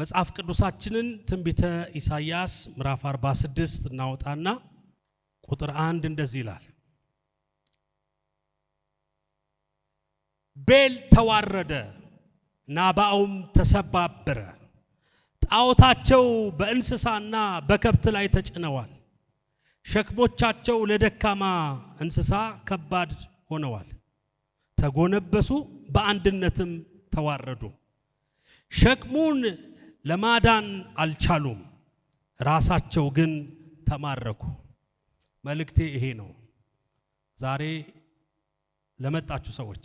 መጽሐፍ ቅዱሳችንን ትንቢተ ኢሳይያስ ምዕራፍ 46 እናወጣና ቁጥር አንድ እንደዚህ ይላል። ቤል ተዋረደ፣ ናባውም ተሰባበረ፣ ጣዖታቸው በእንስሳና በከብት ላይ ተጭነዋል፣ ሸክሞቻቸው ለደካማ እንስሳ ከባድ ሆነዋል። ተጎነበሱ፣ በአንድነትም ተዋረዱ፣ ሸክሙን ለማዳን አልቻሉም፣ ራሳቸው ግን ተማረኩ። መልእክቴ ይሄ ነው። ዛሬ ለመጣችሁ ሰዎች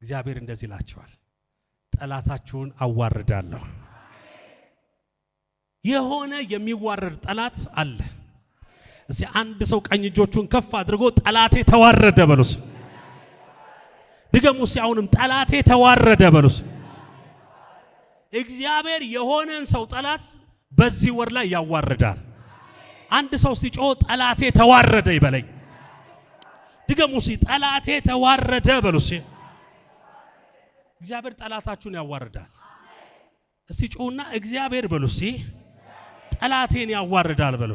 እግዚአብሔር እንደዚህ ይላቸዋል፣ ጠላታችሁን አዋርዳለሁ። የሆነ የሚዋረድ ጠላት አለ። እስቲ አንድ ሰው ቀኝ እጆቹን ከፍ አድርጎ ጠላቴ ተዋረደ በሉስ። ድገሙ እስቲ አሁንም ጠላቴ ተዋረደ በሉስ። እግዚአብሔር የሆነን ሰው ጠላት በዚህ ወር ላይ ያዋርዳል። አንድ ሰው ሲጮ ጠላቴ ተዋረደ ይበለኝ። ድገሙ ሲ ጠላቴ ተዋረደ በሉ ሲ እግዚአብሔር ጠላታችሁን ያዋርዳል። እስቲ ጮሁና እግዚአብሔር በሉ ሲ ጠላቴን ያዋርዳል በሉ።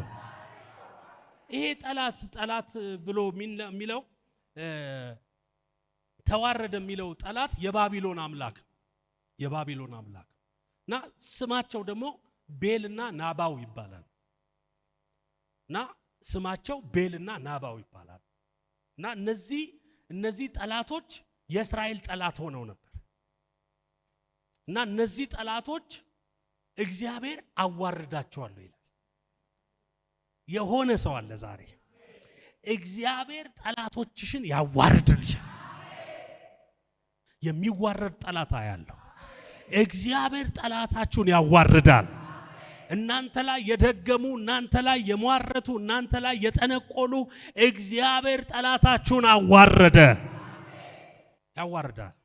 ይሄ ጠላት ጠላት ብሎ የሚለው ተዋረደ የሚለው ጠላት የባቢሎን አምላክ የባቢሎን አምላክ እና ስማቸው ደግሞ ቤልና ናባው ይባላል እና ስማቸው ቤልና ናባው ይባላል እና እነዚህ እነዚህ ጠላቶች የእስራኤል ጠላት ሆነው ነበር እና እነዚህ ጠላቶች እግዚአብሔር አዋርዳቸዋለሁ ይላል። የሆነ ሰው አለ ዛሬ እግዚአብሔር ጠላቶችሽን ያዋርድልሻል። የሚዋረድ ጠላት አያለሁ። እግዚአብሔር ጠላታችሁን ያዋርዳል። እናንተ ላይ የደገሙ እናንተ ላይ የሟረቱ እናንተ ላይ የጠነቆሉ እግዚአብሔር ጠላታችሁን አዋረደ፣ ያዋርዳል።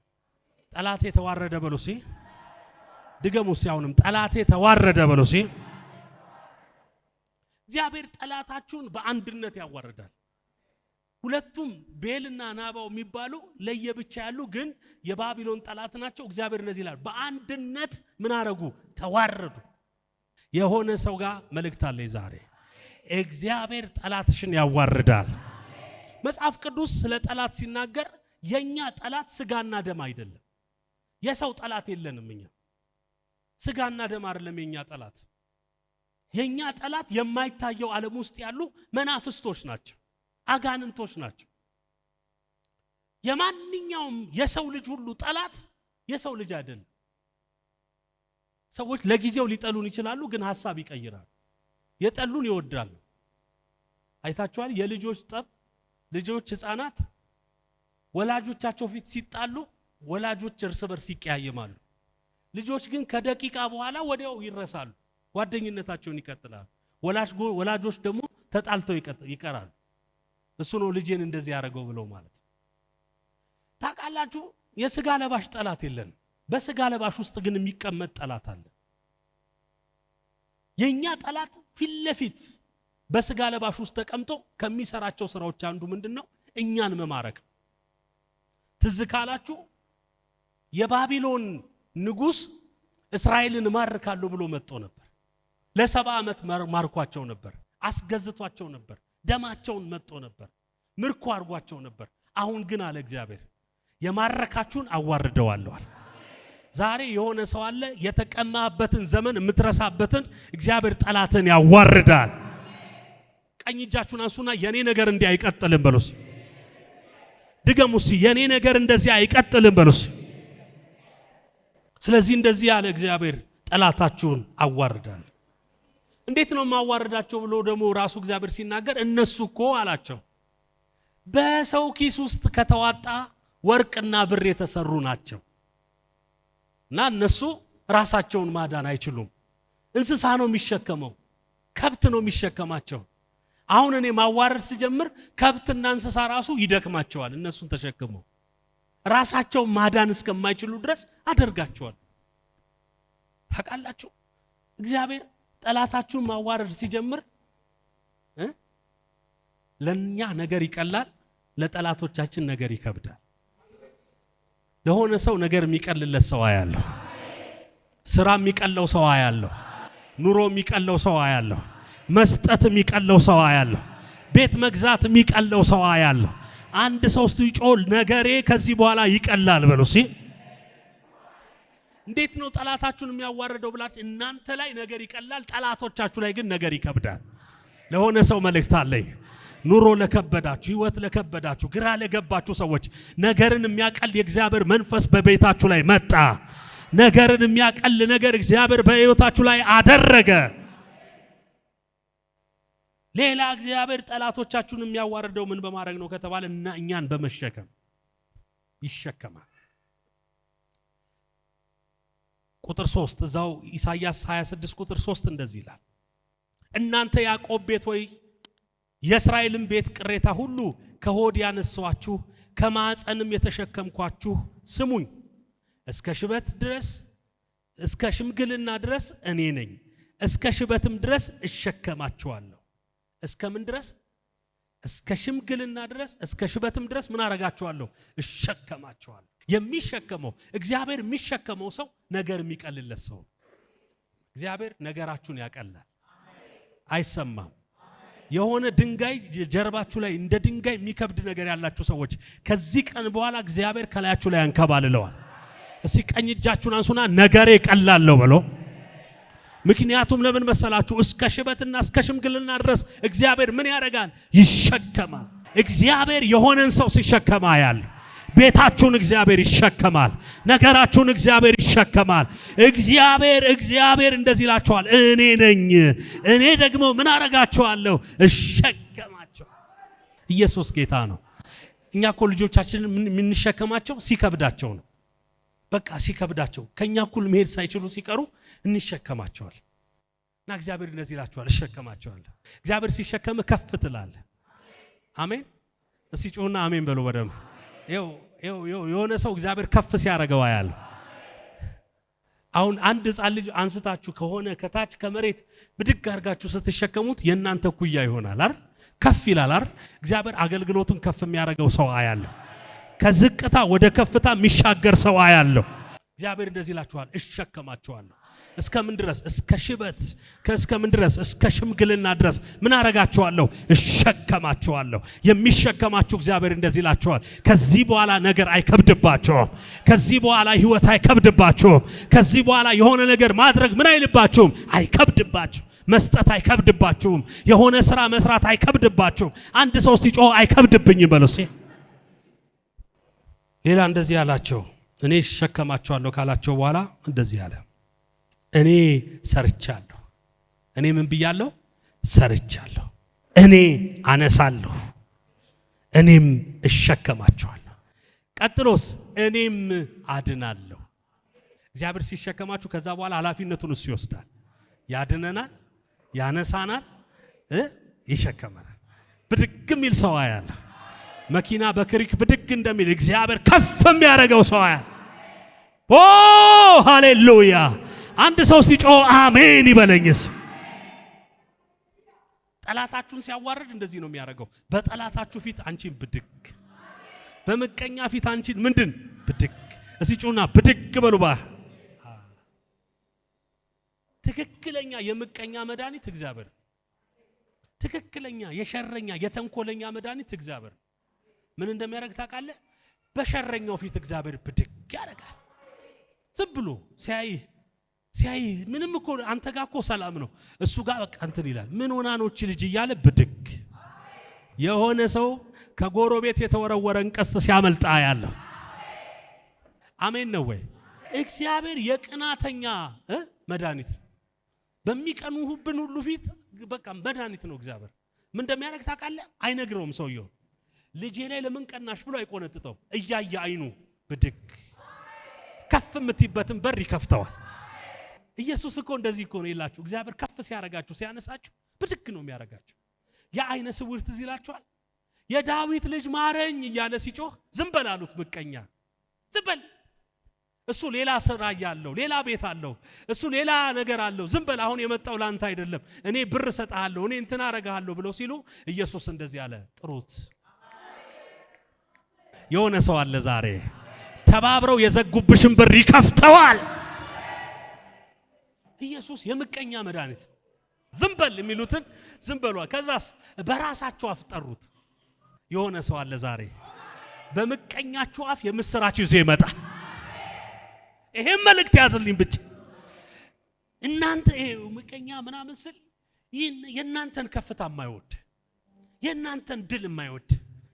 ጠላቴ ተዋረደ በሉ ሲ ድገሙ ሲ አሁንም ጠላቴ ተዋረደ በሉ ሲ እግዚአብሔር ጠላታችሁን በአንድነት ያዋርዳል። ሁለቱም ቤልና ናባው የሚባሉ ለየብቻ ያሉ ግን የባቢሎን ጠላት ናቸው። እግዚአብሔር እነዚህ ይላል፣ በአንድነት ምን አረጉ? ተዋረዱ። የሆነ ሰው ጋር መልእክት አለ ዛሬ። እግዚአብሔር ጠላትሽን ያዋርዳል። መጽሐፍ ቅዱስ ስለ ጠላት ሲናገር የኛ ጠላት ስጋና ደም አይደለም። የሰው ጠላት የለንም እኛ። ስጋና ደም አይደለም የኛ ጠላት። የእኛ ጠላት የማይታየው ዓለም ውስጥ ያሉ መናፍስቶች ናቸው። አጋንንቶች ናቸው። የማንኛውም የሰው ልጅ ሁሉ ጠላት የሰው ልጅ አይደለም። ሰዎች ለጊዜው ሊጠሉን ይችላሉ፣ ግን ሀሳብ ይቀይራሉ። የጠሉን ይወዳሉ። አይታችኋል። የልጆች ጠብ ልጆች ህፃናት ወላጆቻቸው ፊት ሲጣሉ ወላጆች እርስ በርስ ይቀያየማሉ። ልጆች ግን ከደቂቃ በኋላ ወዲያው ይረሳሉ፣ ጓደኝነታቸውን ይቀጥላሉ። ወላጆች ደግሞ ተጣልተው ይቀራሉ። እሱ ነው ልጄን እንደዚህ ያደረገው ብለው ማለት ታውቃላችሁ። የስጋ ለባሽ ጠላት የለንም። በስጋ ለባሽ ውስጥ ግን የሚቀመጥ ጠላት አለ። የእኛ ጠላት ፊት ለፊት በስጋ ለባሽ ውስጥ ተቀምጦ ከሚሰራቸው ስራዎች አንዱ ምንድን ነው? እኛን መማረክ። ትዝ ካላችሁ የባቢሎን ንጉሥ እስራኤልን እማርካለሁ ብሎ መጥቶ ነበር። ለሰባ ዓመት ማርኳቸው ነበር፣ አስገዝቷቸው ነበር። ደማቸውን መጦ ነበር፣ ምርኮ አድርጓቸው ነበር። አሁን ግን አለ እግዚአብሔር የማረካችሁን አዋርደዋለዋል። ዛሬ የሆነ ሰው አለ የተቀማበትን ዘመን የምትረሳበትን እግዚአብሔር ጠላትን ያዋርዳል። ቀኝ እጃችሁን አንሱና የኔ ነገር እንዲህ አይቀጥልም በሉስ። ድገሙስ። የኔ ነገር እንደዚህ አይቀጥልም በሉስ። ስለዚህ እንደዚህ ያለ እግዚአብሔር ጠላታችሁን አዋርዳል። እንዴት ነው የማዋረዳቸው ብሎ ደግሞ ራሱ እግዚአብሔር ሲናገር እነሱ እኮ አላቸው በሰው ኪስ ውስጥ ከተዋጣ ወርቅና ብር የተሰሩ ናቸው እና እነሱ ራሳቸውን ማዳን አይችሉም። እንስሳ ነው የሚሸከመው፣ ከብት ነው የሚሸከማቸው። አሁን እኔ ማዋረድ ስጀምር ከብትና እንስሳ ራሱ ይደክማቸዋል። እነሱን ተሸክመው ራሳቸው ማዳን እስከማይችሉ ድረስ አደርጋቸዋል። ታውቃላችሁ እግዚአብሔር ጠላታችሁን ማዋረድ ሲጀምር ለእኛ ነገር ይቀላል፣ ለጠላቶቻችን ነገር ይከብዳል። ለሆነ ሰው ነገር የሚቀልለት ሰው አያለሁ። ስራ የሚቀለው ሰው አያለሁ። ኑሮ የሚቀለው ሰው አያለሁ። መስጠት የሚቀለው ሰው አያለሁ። ቤት መግዛት የሚቀለው ሰው አያለሁ። አንድ ሰው ስትጮል ነገሬ ከዚህ በኋላ ይቀላል በሉ ሲል እንዴት ነው ጠላታችሁን የሚያዋርደው ብላችሁ እናንተ ላይ ነገር ይቀላል፣ ጠላቶቻችሁ ላይ ግን ነገር ይከብዳል። ለሆነ ሰው መልእክት አለኝ። ኑሮ ለከበዳችሁ፣ ህይወት ለከበዳችሁ፣ ግራ ለገባችሁ ሰዎች ነገርን የሚያቀል የእግዚአብሔር መንፈስ በቤታችሁ ላይ መጣ። ነገርን የሚያቀል ነገር እግዚአብሔር በህይወታችሁ ላይ አደረገ። ሌላ እግዚአብሔር ጠላቶቻችሁን የሚያዋርደው ምን በማድረግ ነው ከተባለ እና እኛን በመሸከም ይሸከማል። ቁጥር 3 እዛው ኢሳይያስ 26 ቁጥር 3 እንደዚህ ይላል፣ እናንተ ያዕቆብ ቤት ሆይ የእስራኤልን ቤት ቅሬታ ሁሉ ከሆድ ያነሳኋችሁ ከማዕፀንም የተሸከምኳችሁ ስሙኝ፣ እስከ ሽበት ድረስ እስከ ሽምግልና ድረስ እኔ ነኝ፣ እስከ ሽበትም ድረስ እሸከማችኋለሁ። እስከ ምን ድረስ? እስከ ሽምግልና ድረስ እስከ ሽበትም ድረስ ምን አረጋችኋለሁ? እሸከማችኋለሁ። የሚሸከመው እግዚአብሔር የሚሸከመው ሰው ነገር የሚቀልለት ሰው እግዚአብሔር ነገራችሁን ያቀላል። አይሰማም። የሆነ ድንጋይ ጀርባችሁ ላይ እንደ ድንጋይ የሚከብድ ነገር ያላችሁ ሰዎች ከዚህ ቀን በኋላ እግዚአብሔር ከላያችሁ ላይ ያንከባልለዋል። እስቲ ቀኝ እጃችሁን አንሱና ነገሬ ቀላለሁ ብሎ ምክንያቱም ለምን መሰላችሁ? እስከ ሽበትና እስከ ሽምግልና ድረስ እግዚአብሔር ምን ያደርጋል? ይሸከማል። እግዚአብሔር የሆነን ሰው ሲሸከማ ያል? ቤታችሁን እግዚአብሔር ይሸከማል። ነገራችሁን እግዚአብሔር ይሸከማል። እግዚአብሔር እግዚአብሔር እንደዚህ ይላችኋል፣ እኔ ነኝ። እኔ ደግሞ ምን አረጋችኋለሁ? እሸከማችኋል። ኢየሱስ ጌታ ነው። እኛ እኮ ልጆቻችን የምንሸከማቸው ሲከብዳቸው ነው። በቃ ሲከብዳቸው ከእኛ እኩል መሄድ ሳይችሉ ሲቀሩ እንሸከማቸዋል። እና እግዚአብሔር እንደዚህ ይላችኋል፣ እሸከማቸዋለሁ። እግዚአብሔር ሲሸከም ከፍ ትላለህ። አሜን። እስቲ ጩሁና አሜን በሉ በደምብ የሆነ ሰው እግዚአብሔር ከፍ ሲያደርገው አያለሁ። አሁን አንድ ህፃን ልጅ አንስታችሁ ከሆነ ከታች ከመሬት ብድግ አድርጋችሁ ስትሸከሙት የእናንተ ኩያ ይሆናል አይደል? ከፍ ይላል አይደል? እግዚአብሔር አገልግሎቱን ከፍ የሚያደርገው ሰው አያለሁ። ከዝቅታ ወደ ከፍታ የሚሻገር ሰው አያለሁ። እግዚአብሔር እንደዚህ ይላችኋል፣ እሸከማችኋለሁ። እስከምን ድረስ? እስከ ሽበት ከእስከምን ድረስ? እስከ ሽምግልና ድረስ ምን አረጋችኋለሁ? እሸከማችኋለሁ። የሚሸከማችሁ እግዚአብሔር እንደዚህ ይላችኋል፣ ከዚህ በኋላ ነገር አይከብድባችሁም። ከዚህ በኋላ ህይወት አይከብድባችሁም። ከዚህ በኋላ የሆነ ነገር ማድረግ ምን አይልባችሁም፣ አይከብድባችሁ። መስጠት አይከብድባችሁም። የሆነ ስራ መስራት አይከብድባችሁም። አንድ ሰው ሲጮህ አይከብድብኝም በለው። ሌላ እንደዚህ ያላቸው እኔ እሸከማቸዋለሁ ካላቸው በኋላ እንደዚህ አለ፣ እኔ ሰርቻለሁ። እኔ ምን ብያለሁ? ሰርቻለሁ። እኔ አነሳለሁ፣ እኔም እሸከማቸዋለሁ። ቀጥሎስ እኔም አድናለሁ። እግዚአብሔር ሲሸከማችሁ ከዛ በኋላ ኃላፊነቱን እሱ ይወስዳል። ያድነናል፣ ያነሳናል፣ ይሸከመናል። ብድግ የሚል ሰው ያለ መኪና በክሪክ ብድግ እንደሚል እግዚአብሔር ከፍ የሚያደርገው ሰው ያለ ኦ ሃሌሉያ! አንድ ሰው ሲጮ አሜን ይበለኝስ። ጠላታችሁን ሲያዋርድ እንደዚህ ነው የሚያደርገው። በጠላታችሁ ፊት አንቺን ብድግ፣ በምቀኛ ፊት አንቺን ምንድን ብድግ። እሲ ጩና ብድግ በሉ ትክክለኛ የምቀኛ መድኃኒት እግዚአብሔር፣ ትክክለኛ የሸረኛ የተንኮለኛ መድኃኒት እግዚአብሔር ምን እንደሚያደርግ ታውቃለህ? በሸረኛው ፊት እግዚአብሔር ብድግ ያደርጋል። ዝም ብሎ ሲያይህ ሲያይህ ምንም እኮ አንተ ጋር እኮ ሰላም ነው፣ እሱ ጋር በቃ እንትን ይላል። ምን ሆናኖች ልጅ እያለ ብድግ የሆነ ሰው ከጎረቤት የተወረወረን ቀስት ሲያመልጣ ያለ አሜን ነው ወይ? እግዚአብሔር የቅናተኛ መድኃኒት ነው። በሚቀኑሁብን ሁሉ ፊት በቃ መድኃኒት ነው እግዚአብሔር። ምን እንደሚያደርግ ታውቃለህ? አይነግረውም ሰውየው ልጄ ላይ ለምን ቀናሽ ብሎ አይቆነጥጠው። እያየ አይኑ ብድግ ከፍ የምትይበትን በር ይከፍተዋል። ኢየሱስ እኮ እንደዚህ እኮ ነው የላችሁ። እግዚአብሔር ከፍ ሲያረጋችሁ ሲያነሳችሁ ብድግ ነው የሚያረጋችሁ። የአይነ ስውር ትዝ ይላችኋል። የዳዊት ልጅ ማረኝ እያለ ሲጮህ ዝም በል አሉት። ምቀኛ ዝም በል እሱ ሌላ ስራ እያለው ሌላ ቤት አለው፣ እሱ ሌላ ነገር አለው። ዝም በል አሁን የመጣው ለአንተ አይደለም። እኔ ብር እሰጥሃለሁ፣ እኔ እንትን አረግሃለሁ ብለው ሲሉ ኢየሱስ እንደዚህ አለ፣ ጥሩት። የሆነ ሰው አለ ዛሬ ተባብረው የዘጉብሽን በር ይከፍተዋል። ኢየሱስ የምቀኛ መድኃኒት ዝም በል የሚሉትን ዝም በሏ። ከዛስ በራሳቸው አፍ ጠሩት። የሆነ ሰው አለ ዛሬ በምቀኛችሁ አፍ የምስራች ይዞ ይመጣል። ይሄም መልእክት ያዝልኝ ብቻ እናንተ ይሄ ምቀኛ ምናምን ስል የእናንተን ከፍታ የማይወድ የእናንተን ድል የማይወድ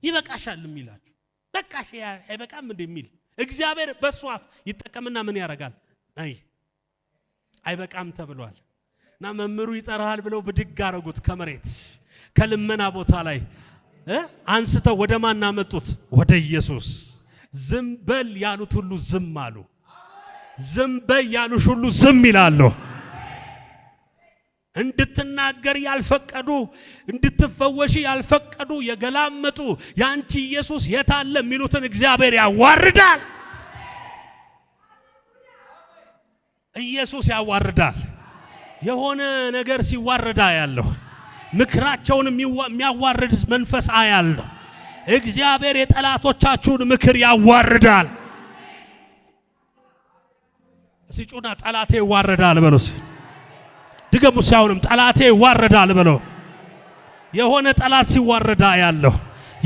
ይበቃሻል የሚላችሁ በቃሽ አይበቃም እንደሚል እግዚአብሔር በእሱ አፍ ይጠቀምና ምን ያደርጋል? አይ አይበቃም ተብሏል እና መምህሩ ይጠራሃል ብለው ብድግ አረጉት ከመሬት ከልመና ቦታ ላይ አንስተው ወደ ማን አመጡት? ወደ ኢየሱስ። ዝም በል ያሉት ሁሉ ዝም አሉ። ዝም በል ያሉሽ ሁሉ ዝም ይላሉ። እንድትናገር ያልፈቀዱ እንድትፈወሺ ያልፈቀዱ የገላመጡ ያንቺ ኢየሱስ አለ የሚሉትን እግዚአብሔር ያዋርዳል። ኢየሱስ ያዋርዳል። የሆነ ነገር ሲዋረዳ ያለው ምክራቸውን የሚያዋርድ መንፈስ አያለሁ። እግዚአብሔር የጠላቶቻችሁን ምክር ያዋርዳል። ሲጩና ጠላቴ ይዋረዳል በሉስ ድገሙ። ሲያውንም ጠላቴ ይዋረዳል ብሎ የሆነ ጠላት ሲዋረዳ ያለሁ፣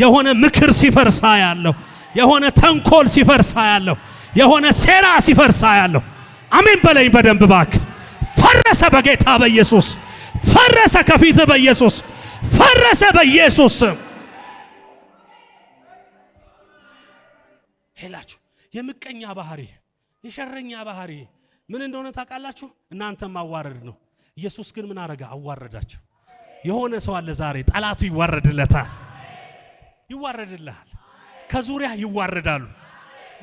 የሆነ ምክር ሲፈርሳ ያለሁ፣ የሆነ ተንኮል ሲፈርሳ ያለሁ፣ የሆነ ሴራ ሲፈርሳ ያለሁ። አሜን በለኝ በደንብ ባክ። ፈረሰ በጌታ በኢየሱስ ፈረሰ፣ ከፊት በኢየሱስ ፈረሰ፣ በኢየሱስ ሄላችሁ የምቀኛ ባህሪ የሸረኛ ባህሪ ምን እንደሆነ ታውቃላችሁ? እናንተም ማዋረድ ነው። ኢየሱስ ግን ምን አረጋ? አዋረዳቸው። የሆነ ሰው አለ ዛሬ ጠላቱ ይዋረድለታል፣ ይዋረድልሃል፣ ከዙሪያ ይዋረዳሉ።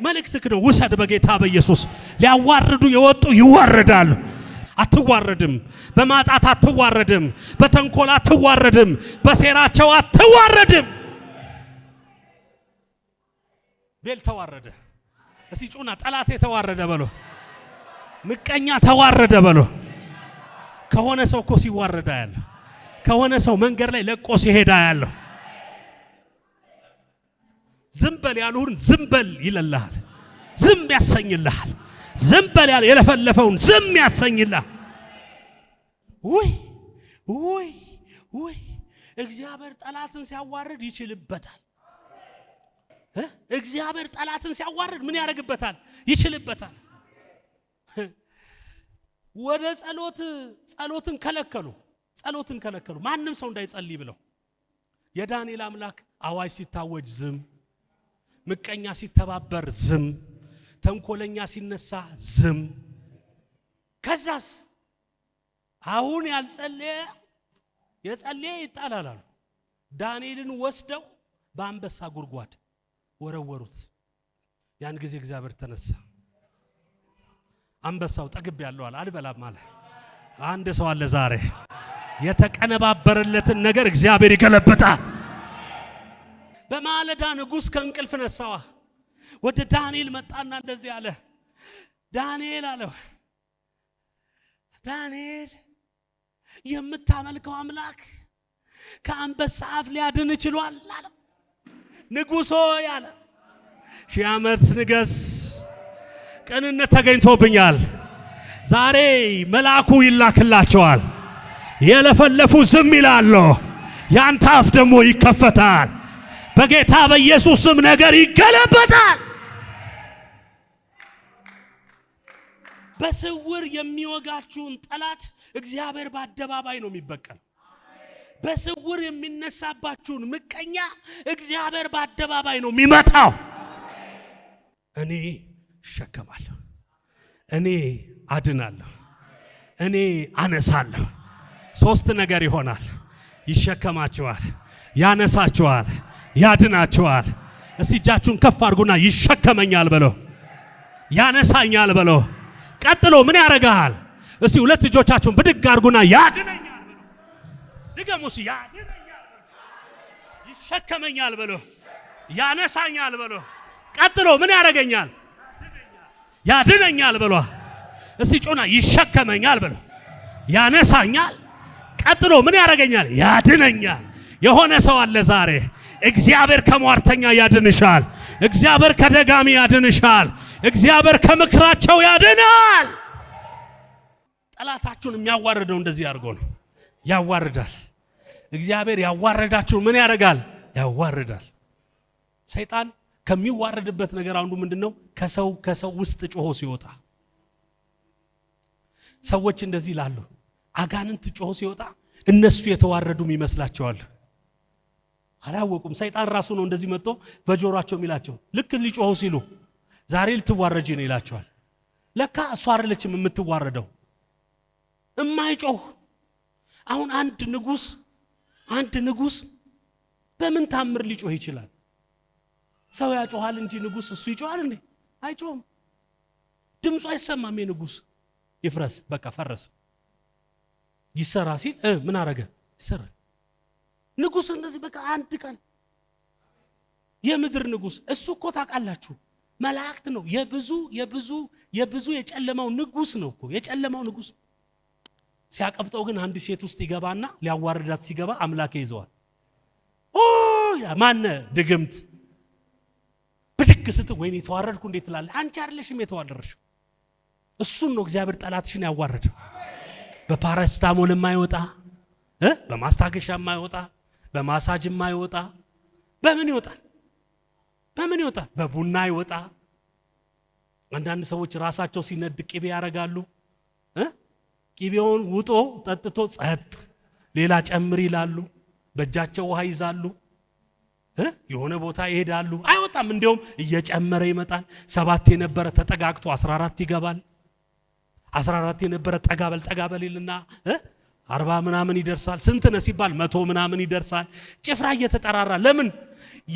መልእክትክ ነው ውሰድ፣ በጌታ በኢየሱስ ሊያዋርዱ የወጡ ይዋረዳሉ። አትዋረድም፣ በማጣት አትዋረድም፣ በተንኮል አትዋረድም፣ በሴራቸው አትዋረድም። ቤል ተዋረደ። እስቲ ጩና ጠላት የተዋረደ በሎ፣ ምቀኛ ተዋረደ በሎ ከሆነ ሰው እኮ ሲዋረዳ ያለሁ ከሆነ ሰው መንገድ ላይ ለቆ ሲሄዳ ያለሁ ዝም በል ያሉሁን ዝም በል ይለልሃል፣ ዝም ያሰኝልሃል። ዝም በል ያለ የለፈለፈውን ዝም ያሰኝልሃል። ውይ ውይ ውይ እግዚአብሔር ጠላትን ሲያዋርድ ይችልበታል። እግዚአብሔር ጠላትን ሲያዋርድ ምን ያደርግበታል? ይችልበታል። ወደ ጸሎት ጸሎትን ከለከሉ። ጸሎትን ከለከሉ። ማንም ሰው እንዳይጸልይ ብለው የዳንኤል አምላክ አዋጅ ሲታወጅ ዝም፣ ምቀኛ ሲተባበር ዝም፣ ተንኮለኛ ሲነሳ ዝም። ከዛስ አሁን ያልጸለየ የጸለየ ይጣላል አሉ። ዳንኤልን ወስደው በአንበሳ ጉድጓድ ወረወሩት። ያን ጊዜ እግዚአብሔር ተነሳ። አንበሳው ጠግብ ያለዋል አልበላም አለ። አንድ ሰው አለ ዛሬ የተቀነባበረለትን ነገር እግዚአብሔር ይገለብጣል። በማለዳ ንጉሥ ከእንቅልፍ ነሳዋ። ወደ ዳንኤል መጣና እንደዚህ አለ። ዳንኤል አለው፣ ዳንኤል የምታመልከው አምላክ ከአንበሳ አፍ ሊያድን ችሏል አለ። ንጉሶ ያለ ሺህ ዓመት ንገስ ቅንነት ተገኝቶብኛል። ዛሬ መልአኩ ይላክላቸዋል። የለፈለፉ ዝም ይላሉ፣ ያንተ አፍ ደግሞ ይከፈታል። በጌታ በኢየሱስ ስም ነገር ይገለበጣል። በስውር የሚወጋችሁን ጠላት እግዚአብሔር በአደባባይ ነው የሚበቀል። በስውር የሚነሳባችሁን ምቀኛ እግዚአብሔር በአደባባይ ነው የሚመጣው እኔ እሸከማለሁ፣ እኔ አድናለሁ፣ እኔ አነሳለሁ። ሶስት ነገር ይሆናል። ይሸከማችኋል፣ ያነሳችኋል፣ ያድናችኋል። እስቲ እጃችሁን ከፍ አድርጉና ይሸከመኛል በለው፣ ያነሳኛል በለው። ቀጥሎ ምን ያደርግሃል? እስቲ ሁለት እጆቻችሁን ብድግ አድርጉና ያድነኛል በለው። ድገሙ እስቲ ያድነኛል ይሸከመኛል በለው፣ ያነሳኛል በለው። ቀጥሎ ምን ያደርገኛል? ያድነኛል ብሏ። እስቲ ጮና ይሸከመኛል ብሎ ያነሳኛል። ቀጥሎ ምን ያደርገኛል? ያድነኛል። የሆነ ሰው አለ ዛሬ እግዚአብሔር ከሟርተኛ ያድንሻል። እግዚአብሔር ከደጋሚ ያድንሻል። እግዚአብሔር ከምክራቸው ያድናል። ጠላታችሁን የሚያዋርደው እንደዚህ አድርጎ ነው፣ ያዋርዳል። እግዚአብሔር ያዋረዳችሁ ምን ያደርጋል? ያዋርዳል ሰይጣን ከሚዋረድበት ነገር አንዱ ምንድን ነው? ከሰው ከሰው ውስጥ ጮሆ ሲወጣ ሰዎች እንደዚህ ይላሉ። አጋንንት ጮሆ ሲወጣ እነሱ የተዋረዱም ይመስላቸዋል። አላወቁም። ሰይጣን ራሱ ነው እንደዚህ መጥቶ በጆሯቸው የሚላቸው ልክ ሊጮሁ ሲሉ ዛሬ ልትዋረጂ ነው ይላቸዋል። ለካ እሷ አይደለችም የምትዋረደው እማይጮህ አሁን አንድ ንጉስ አንድ ንጉስ በምን ታምር ሊጮህ ይችላል? ሰው ያጮኋል እንጂ ንጉስ እሱ ይጮኋል እንዴ? አይጮም። ድምፁ አይሰማም። የንጉስ ይፍረስ፣ በቃ ፈረስ። ይሰራ ሲል ምን አረገ? ይሰራል። ንጉስ እንደዚህ በቃ አንድ ቀን የምድር ንጉስ እሱ እኮ ታውቃላችሁ መላእክት ነው። የብዙ የብዙ የብዙ የጨለማው ንጉስ ነው እኮ የጨለማው ንጉስ። ሲያቀብጠው ግን አንድ ሴት ውስጥ ይገባና ሊያዋርዳት ሲገባ አምላክ ይዘዋል። ማነ ድግምት ብድግ ስት ወይኔ የተዋረድኩ እንዴት ትላለህ? አንቺ አይደለሽም የተዋረድሽው፣ እሱን ነው እግዚአብሔር ጠላትሽን ያዋረደው። በፓራስታሞል የማይወጣ በማስታገሻ የማይወጣ በማሳጅ የማይወጣ በምን ይወጣል? በምን ይወጣል? በቡና ይወጣ። አንዳንድ ሰዎች ራሳቸው ሲነድ ቅቤ ያደርጋሉ። ቅቤውን ውጦ ጠጥቶ ጸጥ፣ ሌላ ጨምር ይላሉ። በእጃቸው ውሃ ይዛሉ። የሆነ ቦታ ይሄዳሉ፣ አይወጣም። እንዲያውም እየጨመረ ይመጣል። ሰባት የነበረ ተጠጋግቶ 14 ይገባል። 14 የነበረ ጠጋበል ጠጋበል ይልና አርባ ምናምን ይደርሳል። ስንት ነ ሲባል መቶ ምናምን ይደርሳል። ጭፍራ እየተጠራራ ለምን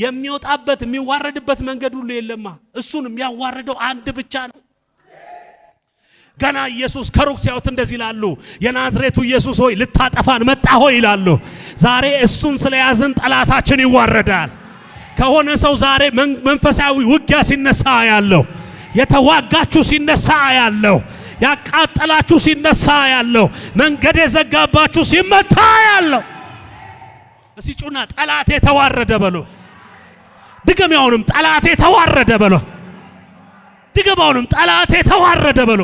የሚወጣበት የሚዋረድበት መንገድ ሁሉ የለማ። እሱን የሚያዋርደው አንድ ብቻ ነው። ገና ኢየሱስ ከሩቅ ሲያዩት እንደዚህ ይላሉ፣ የናዝሬቱ ኢየሱስ ሆይ ልታጠፋን መጣ ሆይ ይላሉ። ዛሬ እሱን ስለያዝን ጠላታችን ይዋረዳል። ከሆነ ሰው ዛሬ መንፈሳዊ ውጊያ ሲነሳ ያለው የተዋጋችሁ ሲነሳ ያለው ያቃጠላችሁ ሲነሳ ያለው መንገድ የዘጋባችሁ ሲመታ ያለው እሲ ጩና የተዋረደ በሎ ድገም። ያውንም ጠላቴ የተዋረደ በሎ ድገም። ያውንም ጠላቴ የተዋረደ በሎ